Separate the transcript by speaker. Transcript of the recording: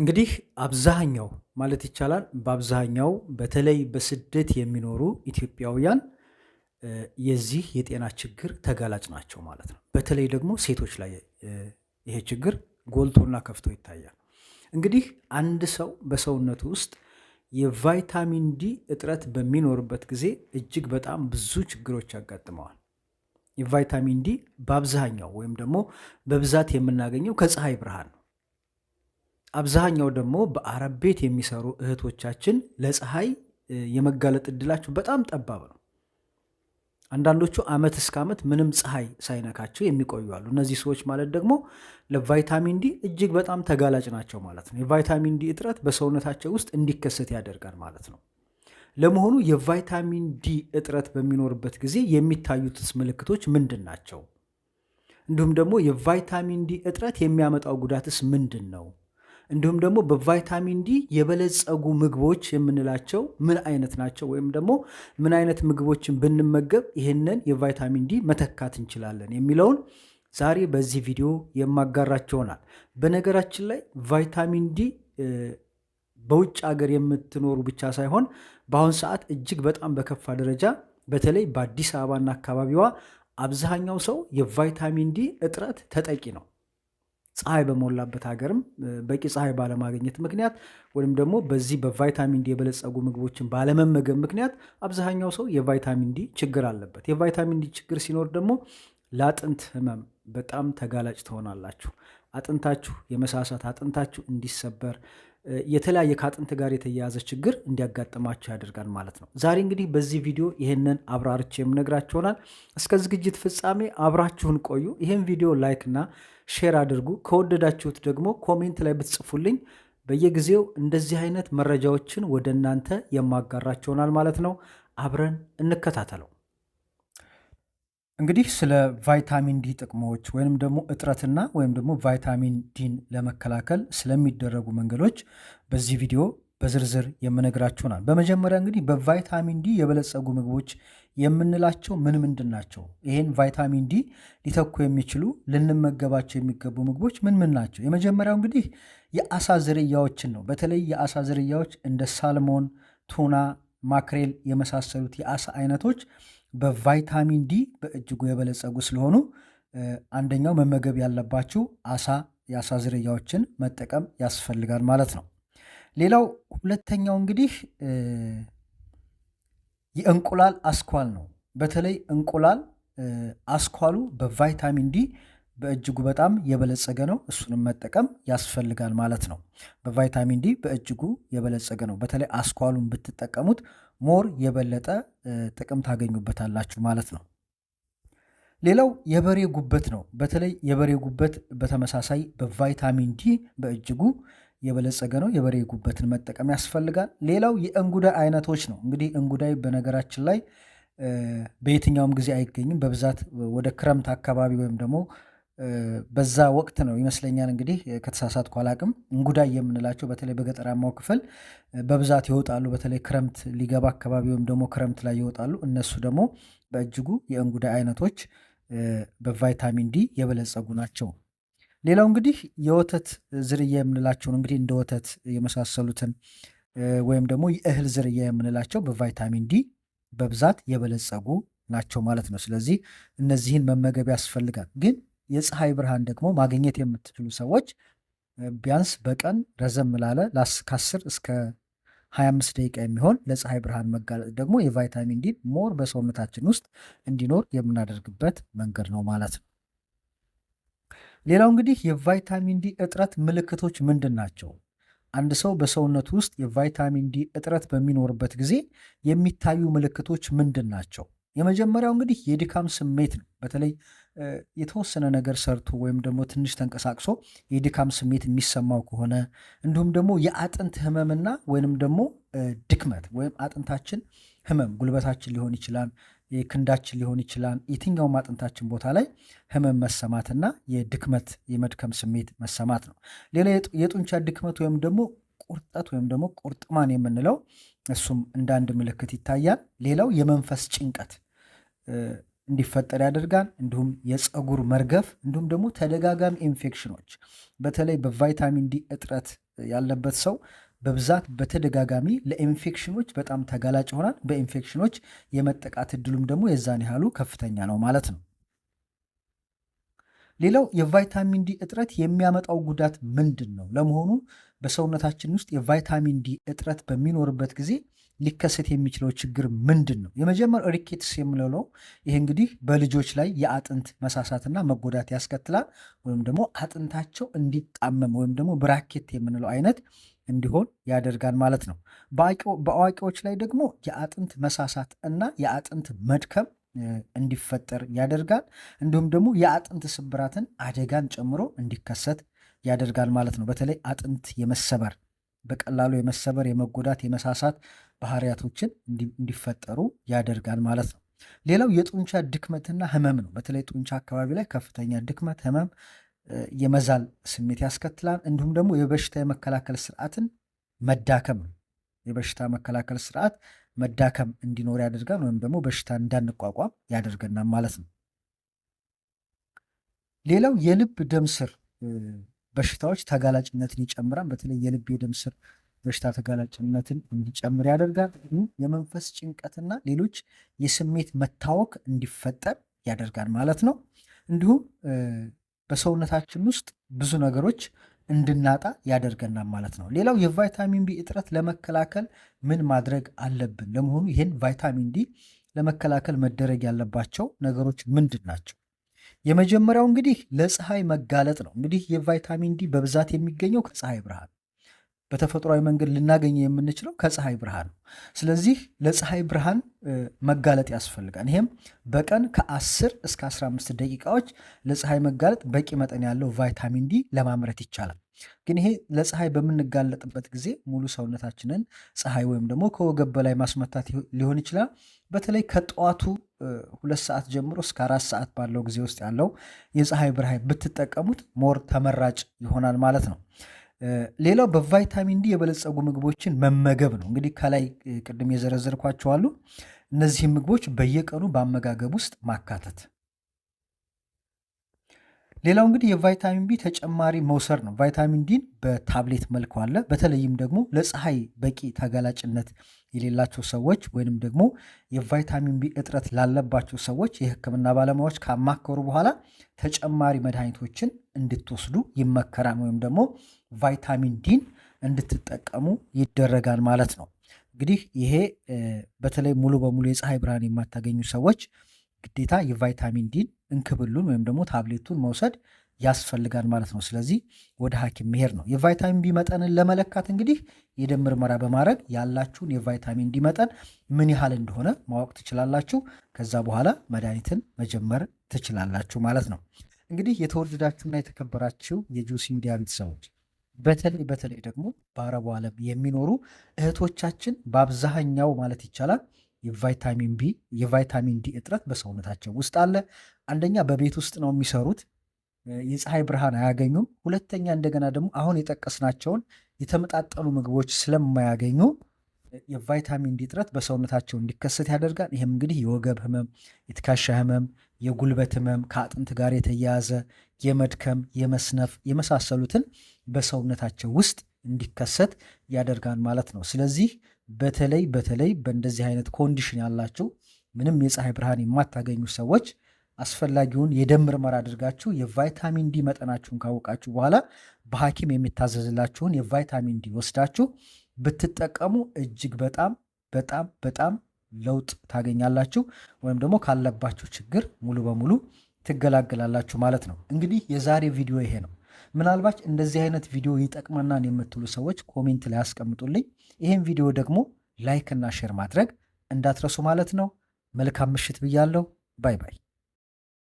Speaker 1: እንግዲህ አብዛኛው ማለት ይቻላል በአብዛኛው በተለይ በስደት የሚኖሩ ኢትዮጵያውያን የዚህ የጤና ችግር ተጋላጭ ናቸው ማለት ነው። በተለይ ደግሞ ሴቶች ላይ ይሄ ችግር ጎልቶና ከፍቶ ይታያል። እንግዲህ አንድ ሰው በሰውነቱ ውስጥ የቫይታሚን ዲ እጥረት በሚኖርበት ጊዜ እጅግ በጣም ብዙ ችግሮች ያጋጥመዋል። የቫይታሚን ዲ በአብዛኛው ወይም ደግሞ በብዛት የምናገኘው ከፀሐይ ብርሃን አብዛኛው ደግሞ በአረብ ቤት የሚሰሩ እህቶቻችን ለፀሐይ የመጋለጥ እድላቸው በጣም ጠባብ ነው። አንዳንዶቹ አመት እስከ አመት ምንም ፀሐይ ሳይነካቸው የሚቆዩ አሉ። እነዚህ ሰዎች ማለት ደግሞ ለቫይታሚን ዲ እጅግ በጣም ተጋላጭ ናቸው ማለት ነው። የቫይታሚን ዲ እጥረት በሰውነታቸው ውስጥ እንዲከሰት ያደርጋል ማለት ነው። ለመሆኑ የቫይታሚን ዲ እጥረት በሚኖርበት ጊዜ የሚታዩትስ ምልክቶች ምንድን ናቸው? እንዲሁም ደግሞ የቫይታሚን ዲ እጥረት የሚያመጣው ጉዳትስ ምንድን ነው? እንዲሁም ደግሞ በቫይታሚን ዲ የበለጸጉ ምግቦች የምንላቸው ምን አይነት ናቸው? ወይም ደግሞ ምን አይነት ምግቦችን ብንመገብ ይህንን የቫይታሚን ዲ መተካት እንችላለን የሚለውን ዛሬ በዚህ ቪዲዮ የማጋራቸው ይሆናል። በነገራችን ላይ ቫይታሚን ዲ በውጭ ሀገር የምትኖሩ ብቻ ሳይሆን በአሁን ሰዓት እጅግ በጣም በከፋ ደረጃ በተለይ በአዲስ አበባና አካባቢዋ አብዛኛው ሰው የቫይታሚን ዲ እጥረት ተጠቂ ነው። ፀሐይ በሞላበት ሀገርም በቂ ፀሐይ ባለማግኘት ምክንያት ወይም ደግሞ በዚህ በቫይታሚን ዲ የበለጸጉ ምግቦችን ባለመመገብ ምክንያት አብዛኛው ሰው የቫይታሚን ዲ ችግር አለበት። የቫይታሚን ዲ ችግር ሲኖር ደግሞ ለአጥንት ህመም በጣም ተጋላጭ ትሆናላችሁ። አጥንታችሁ የመሳሳት አጥንታችሁ እንዲሰበር የተለያየ ከአጥንት ጋር የተያያዘ ችግር እንዲያጋጥማቸው ያደርጋል ማለት ነው። ዛሬ እንግዲህ በዚህ ቪዲዮ ይህንን አብራርቼ የምነግራችሁ ይሆናል። እስከ ዝግጅት ፍጻሜ አብራችሁን ቆዩ። ይህን ቪዲዮ ላይክ እና ሼር አድርጉ። ከወደዳችሁት ደግሞ ኮሜንት ላይ ብትጽፉልኝ በየጊዜው እንደዚህ አይነት መረጃዎችን ወደ እናንተ የማጋራቸውናል ማለት ነው። አብረን እንከታተለው።
Speaker 2: እንግዲህ ስለ ቫይታሚን ዲ ጥቅሞች ወይም ደግሞ እጥረትና ወይም ደግሞ ቫይታሚን ዲን ለመከላከል ስለሚደረጉ መንገዶች በዚህ ቪዲዮ በዝርዝር የምነግራችሁ ናል። በመጀመሪያ እንግዲህ በቫይታሚን ዲ የበለጸጉ ምግቦች የምንላቸው ምን ምንድን ናቸው? ይህን ቫይታሚን ዲ ሊተኩ የሚችሉ ልንመገባቸው የሚገቡ ምግቦች ምን ምን ናቸው? የመጀመሪያው እንግዲህ የአሳ ዝርያዎችን ነው። በተለይ የአሳ ዝርያዎች እንደ ሳልሞን፣ ቱና፣ ማክሬል የመሳሰሉት የአሳ አይነቶች በቫይታሚን ዲ በእጅጉ የበለጸጉ ስለሆኑ አንደኛው መመገብ ያለባችሁ አሳ የአሳ ዝርያዎችን መጠቀም ያስፈልጋል ማለት ነው። ሌላው ሁለተኛው እንግዲህ የእንቁላል አስኳል ነው። በተለይ እንቁላል አስኳሉ በቫይታሚን ዲ በእጅጉ በጣም የበለጸገ ነው። እሱንም መጠቀም ያስፈልጋል ማለት ነው። በቫይታሚን ዲ በእጅጉ የበለጸገ ነው። በተለይ አስኳሉን ብትጠቀሙት ሞር የበለጠ ጥቅም ታገኙበታላችሁ ማለት ነው። ሌላው የበሬ ጉበት ነው። በተለይ የበሬ ጉበት በተመሳሳይ በቫይታሚን ዲ በእጅጉ የበለጸገ ነው። የበሬ ጉበትን መጠቀም ያስፈልጋል። ሌላው የእንጉዳይ አይነቶች ነው። እንግዲህ እንጉዳይ በነገራችን ላይ በየትኛውም ጊዜ አይገኝም። በብዛት ወደ ክረምት አካባቢ ወይም ደግሞ በዛ ወቅት ነው ይመስለኛል። እንግዲህ ከተሳሳትኩ አላቅም። እንጉዳይ የምንላቸው በተለይ በገጠራማው ክፍል በብዛት ይወጣሉ። በተለይ ክረምት ሊገባ አካባቢ ወይም ደግሞ ክረምት ላይ ይወጣሉ። እነሱ ደግሞ በእጅጉ የእንጉዳይ አይነቶች በቫይታሚን ዲ የበለጸጉ ናቸው። ሌላው እንግዲህ የወተት ዝርያ የምንላቸውን እንግዲህ እንደ ወተት የመሳሰሉትን ወይም ደግሞ የእህል ዝርያ የምንላቸው በቫይታሚን ዲ በብዛት የበለጸጉ ናቸው ማለት ነው። ስለዚህ እነዚህን መመገብ ያስፈልጋል። ግን የፀሐይ ብርሃን ደግሞ ማግኘት የምትችሉ ሰዎች ቢያንስ በቀን ረዘም ላለ ከአስር እስከ 25 ደቂቃ የሚሆን ለፀሐይ ብርሃን መጋለጥ ደግሞ የቫይታሚን ዲ ሞር በሰውነታችን ውስጥ እንዲኖር የምናደርግበት መንገድ ነው ማለት ነው። ሌላው እንግዲህ የቫይታሚን ዲ እጥረት ምልክቶች ምንድን ናቸው? አንድ ሰው በሰውነቱ ውስጥ የቫይታሚን ዲ እጥረት በሚኖርበት ጊዜ የሚታዩ ምልክቶች ምንድን ናቸው? የመጀመሪያው እንግዲህ የድካም ስሜት ነው። በተለይ የተወሰነ ነገር ሰርቶ ወይም ደግሞ ትንሽ ተንቀሳቅሶ የድካም ስሜት የሚሰማው ከሆነ እንዲሁም ደግሞ የአጥንት ህመምና ወይንም ደግሞ ድክመት ወይም አጥንታችን ህመም ጉልበታችን ሊሆን ይችላል፣ ክንዳችን ሊሆን ይችላል። የትኛውም አጥንታችን ቦታ ላይ ህመም መሰማትና የድክመት የመድከም ስሜት መሰማት ነው። ሌላ የጡንቻ ድክመት ወይም ደግሞ ቁርጠት ወይም ደግሞ ቁርጥማን የምንለው እሱም እንደ አንድ ምልክት ይታያል። ሌላው የመንፈስ ጭንቀት እንዲፈጠር ያደርጋል። እንዲሁም የፀጉር መርገፍ እንዲሁም ደግሞ ተደጋጋሚ ኢንፌክሽኖች በተለይ በቫይታሚን ዲ እጥረት ያለበት ሰው በብዛት በተደጋጋሚ ለኢንፌክሽኖች በጣም ተጋላጭ ይሆናል። በኢንፌክሽኖች የመጠቃት እድሉም ደግሞ የዛን ያህሉ ከፍተኛ ነው ማለት ነው። ሌላው የቫይታሚን ዲ እጥረት የሚያመጣው ጉዳት ምንድን ነው? ለመሆኑ በሰውነታችን ውስጥ የቫይታሚን ዲ እጥረት በሚኖርበት ጊዜ ሊከሰት የሚችለው ችግር ምንድን ነው? የመጀመር ሪኬትስ የምንለው ይህ እንግዲህ በልጆች ላይ የአጥንት መሳሳትና መጎዳት ያስከትላል። ወይም ደግሞ አጥንታቸው እንዲጣመም ወይም ደግሞ ብራኬት የምንለው አይነት እንዲሆን ያደርጋል ማለት ነው። በአዋቂዎች ላይ ደግሞ የአጥንት መሳሳት እና የአጥንት መድከም እንዲፈጠር ያደርጋል። እንዲሁም ደግሞ የአጥንት ስብራትን አደጋን ጨምሮ እንዲከሰት ያደርጋል ማለት ነው። በተለይ አጥንት የመሰበር በቀላሉ የመሰበር፣ የመጎዳት፣ የመሳሳት ባህሪያቶችን እንዲፈጠሩ ያደርጋል ማለት ነው። ሌላው የጡንቻ ድክመትና ህመም ነው። በተለይ ጡንቻ አካባቢ ላይ ከፍተኛ ድክመት፣ ህመም የመዛል ስሜት ያስከትላል። እንዲሁም ደግሞ የበሽታ የመከላከል ስርዓትን መዳከም ነው። የበሽታ መከላከል ስርዓት መዳከም እንዲኖር ያደርጋል፣ ወይም ደግሞ በሽታ እንዳንቋቋም ያደርገናል ማለት ነው። ሌላው የልብ ደም ስር በሽታዎች ተጋላጭነትን ይጨምራል። በተለይ የልብ የደም ስር በሽታ ተጋላጭነትን እንዲጨምር ያደርጋል። የመንፈስ ጭንቀትና ሌሎች የስሜት መታወክ እንዲፈጠር ያደርጋል ማለት ነው። እንዲሁም በሰውነታችን ውስጥ ብዙ ነገሮች እንድናጣ ያደርገናል ማለት ነው። ሌላው የቫይታሚን ቢ እጥረት ለመከላከል ምን ማድረግ አለብን? ለመሆኑ ይህን ቫይታሚን ዲ ለመከላከል መደረግ ያለባቸው ነገሮች ምንድን ናቸው? የመጀመሪያው እንግዲህ ለፀሐይ መጋለጥ ነው። እንግዲህ የቫይታሚን ዲ በብዛት የሚገኘው ከፀሐይ ብርሃን በተፈጥሯዊ መንገድ ልናገኘ የምንችለው ከፀሐይ ብርሃን ነው። ስለዚህ ለፀሐይ ብርሃን መጋለጥ ያስፈልጋል። ይሄም በቀን ከ10 እስከ 15 ደቂቃዎች ለፀሐይ መጋለጥ በቂ መጠን ያለው ቫይታሚን ዲ ለማምረት ይቻላል። ግን ይሄ ለፀሐይ በምንጋለጥበት ጊዜ ሙሉ ሰውነታችንን ፀሐይ ወይም ደግሞ ከወገብ በላይ ማስመታት ሊሆን ይችላል። በተለይ ከጠዋቱ ሁለት ሰዓት ጀምሮ እስከ አራት ሰዓት ባለው ጊዜ ውስጥ ያለው የፀሐይ ብርሃን ብትጠቀሙት ሞር ተመራጭ ይሆናል ማለት ነው። ሌላው በቫይታሚን ዲ የበለጸጉ ምግቦችን መመገብ ነው። እንግዲህ ከላይ ቅድም የዘረዘርኳቸዋሉ አሉ። እነዚህም ምግቦች በየቀኑ በአመጋገብ ውስጥ ማካተት። ሌላው እንግዲህ የቫይታሚን ቢ ተጨማሪ መውሰድ ነው። ቫይታሚን ዲን በታብሌት መልኩ አለ። በተለይም ደግሞ ለፀሐይ በቂ ተጋላጭነት የሌላቸው ሰዎች ወይንም ደግሞ የቫይታሚን ቢ እጥረት ላለባቸው ሰዎች የሕክምና ባለሙያዎች ካማከሩ በኋላ ተጨማሪ መድኃኒቶችን እንድትወስዱ ይመከራል ወይም ደግሞ ቫይታሚን ዲን እንድትጠቀሙ ይደረጋል ማለት ነው። እንግዲህ ይሄ በተለይ ሙሉ በሙሉ የፀሐይ ብርሃን የማታገኙ ሰዎች ግዴታ የቫይታሚን ዲን እንክብሉን ወይም ደግሞ ታብሌቱን መውሰድ ያስፈልጋል ማለት ነው። ስለዚህ ወደ ሐኪም መሄድ ነው። የቫይታሚን ቢ መጠንን ለመለካት እንግዲህ የደም ምርመራ በማድረግ ያላችሁን የቫይታሚን ዲ መጠን ምን ያህል እንደሆነ ማወቅ ትችላላችሁ። ከዛ በኋላ መድኃኒትን መጀመር ትችላላችሁ ማለት ነው። እንግዲህ የተወደዳችሁና የተከበራችሁ የጁሲ ሚዲያ ቤተሰቦች በተለይ በተለይ ደግሞ በአረቡ ዓለም የሚኖሩ እህቶቻችን በአብዛኛው ማለት ይቻላል የቫይታሚን ቢ የቫይታሚን ዲ እጥረት በሰውነታቸው ውስጥ አለ። አንደኛ በቤት ውስጥ ነው የሚሰሩት፣ የፀሐይ ብርሃን አያገኙም። ሁለተኛ እንደገና ደግሞ አሁን የጠቀስናቸውን የተመጣጠኑ ምግቦች ስለማያገኙ የቫይታሚን ዲ እጥረት በሰውነታቸው እንዲከሰት ያደርጋል። ይህም እንግዲህ የወገብ ህመም፣ የትከሻ ህመም፣ የጉልበት ህመም፣ ከአጥንት ጋር የተያያዘ የመድከም፣ የመስነፍ የመሳሰሉትን በሰውነታቸው ውስጥ እንዲከሰት ያደርጋል ማለት ነው። ስለዚህ በተለይ በተለይ በእንደዚህ አይነት ኮንዲሽን ያላችሁ ምንም የፀሐይ ብርሃን የማታገኙ ሰዎች አስፈላጊውን የደም ምርመራ አድርጋችሁ የቫይታሚን ዲ መጠናችሁን ካወቃችሁ በኋላ በሐኪም የሚታዘዝላችሁን የቫይታሚን ዲ ወስዳችሁ ብትጠቀሙ እጅግ በጣም በጣም በጣም ለውጥ ታገኛላችሁ ወይም ደግሞ ካለባችሁ ችግር ሙሉ በሙሉ ትገላገላላችሁ ማለት ነው። እንግዲህ የዛሬ ቪዲዮ ይሄ ነው። ምናልባት እንደዚህ አይነት ቪዲዮ ይጠቅመናን የምትሉ ሰዎች ኮሜንት ላይ አስቀምጡልኝ። ይህም ቪዲዮ ደግሞ ላይክ እና ሼር ማድረግ እንዳትረሱ ማለት ነው። መልካም ምሽት ብያለሁ። ባይ ባይ።